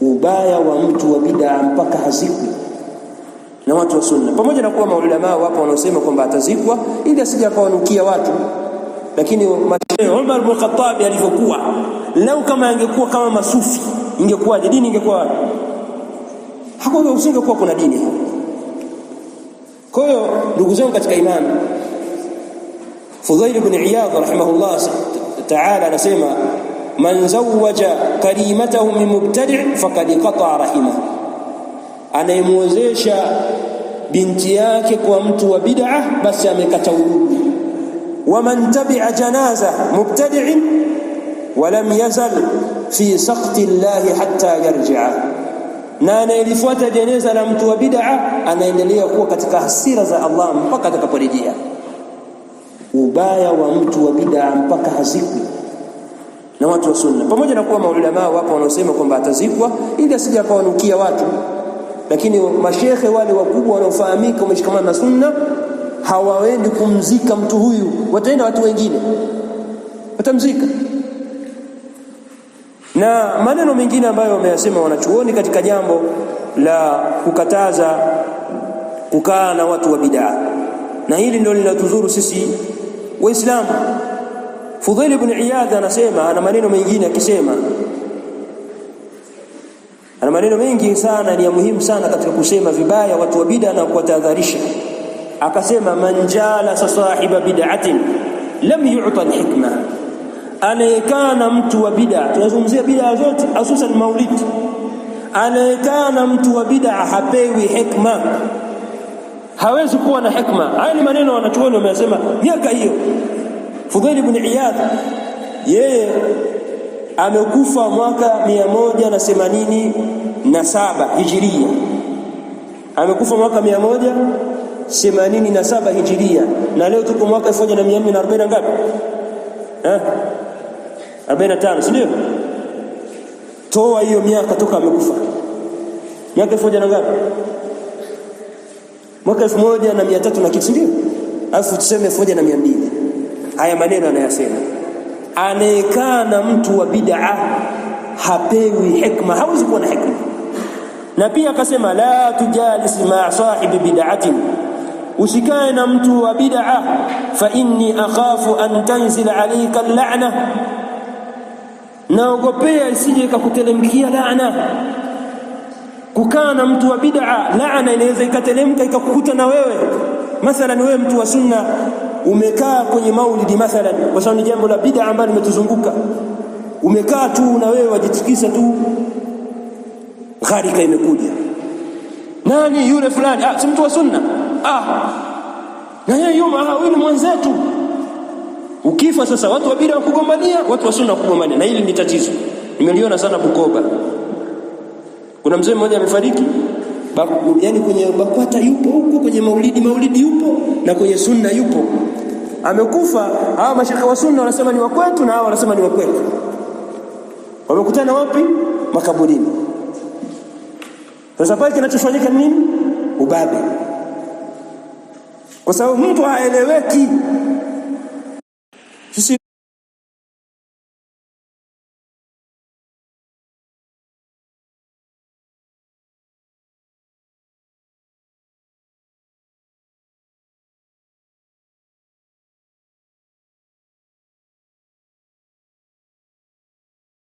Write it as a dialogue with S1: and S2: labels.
S1: ubaya wa mtu wa bid'a mpaka hazikwi na watu wa sunna, pamoja na kuwa maulama wapo wanaosema kwamba atazikwa ili asije akawanukia watu. Lakini Umar bin Khattab alivyokuwa, lau kama angekuwa kama masufi, ingekuwaje dini? Ingekuwa hakuna usinge kuwa kuna dini. Kwa hiyo ndugu zangu katika imani, Fudhail bin Iyadh rahimahullah taala anasema man zawaja karimatahu min mubtadi' faqad qata rahimahu, anayemwozesha binti yake kwa mtu wa bid'a basi amekata udugu. Wa man tabi'a janaza mubtadi'in lam yazal fi sakti llahi hatta yarji'a, na anayelifuata jeneza la mtu wa bid'a anaendelea kuwa katika hasira za Allah mpaka atakaporejea. Ubaya wa mtu wa bid'a mpaka hazikwi na watu wa sunna, pamoja na kuwa maulamaa wapo wanaosema kwamba atazikwa ili asije akawanukia watu, lakini mashekhe wale wakubwa wanaofahamika wameshikamana na sunna hawaendi kumzika mtu huyu, wataenda watu wengine watamzika. Na maneno mengine ambayo wameyasema wanachuoni katika jambo la kukataza kukaa na watu wa bidaa, na hili ndio linatuzuru sisi Waislamu. Fudhail ibn iyad anasema, ana maneno mengine akisema, ana maneno mengi sana, ni ya muhimu sana katika kusema vibaya watu wa bid'a na kuwatahadharisha. Akasema, man jalasa sahiba bid'atin lam yu'ta alhikma, anayekaa na mtu wa bid'a. Tunazungumzia bid'a zote, hususan maulidi. Anayekaa mtu wa bid'a hapewi hikma, hawezi kuwa na hikma. Haya ni maneno wanachuoni wameyasema miaka hiyo Fudhail ibn Iyad yeye amekufa mwaka 187 hijiria, amekufa mwaka 187 hijiria, na leo tuko mwaka 1440 ngapi? Eh, 45, si ndio? Toa hiyo miaka toka amekufa, miaka elfu moja na ngapi? Mwaka elfu moja na mia tatu na kitu, ndio? Alafu tuseme elfu moja na mia mbili Haya maneno anayasema, anayekaa na mtu wa bid'a hapewi hikma, hawezi kuwa na hikma. Na pia akasema, la tujalis ma sahibi bid'atin, usikae na mtu wa bid'a, fa inni akhafu an tanzil alayka la'na, naogopea isije ikakuteremkia laana. Kukaa na mtu wa bid'a, laana inaweza ikateremka ikakukuta na wewe. Mathalan, wewe mtu wa sunna umekaa kwenye maulidi mathalan, kwa sababu ni jambo la bid'a ambalo limetuzunguka. Umekaa tu na wewe wajitikisa tu, gharika imekuja. Nani yule fulani? Ah, si mtu wa sunna. Ah, na yeye yuma, ah, huyu ni mwenzetu. Ukifa sasa, watu wa bid'a wakugombania, watu wa sunna wakugombania, na hili ni tatizo, nimeliona sana Bukoba. Kuna mzee mmoja amefariki yaani kwenye BAKWATA yupo huko, kwenye maulidi maulidi yupo, na kwenye sunna yupo amekufa. Hawa mashekhe wa sunna wanasema ni wakwetu na hawa wanasema ni wakwetu. Wamekutana wapi? Makaburini. Sasa pale kinachofanyika ni nini? Ubabe, kwa sababu mtu haeleweki.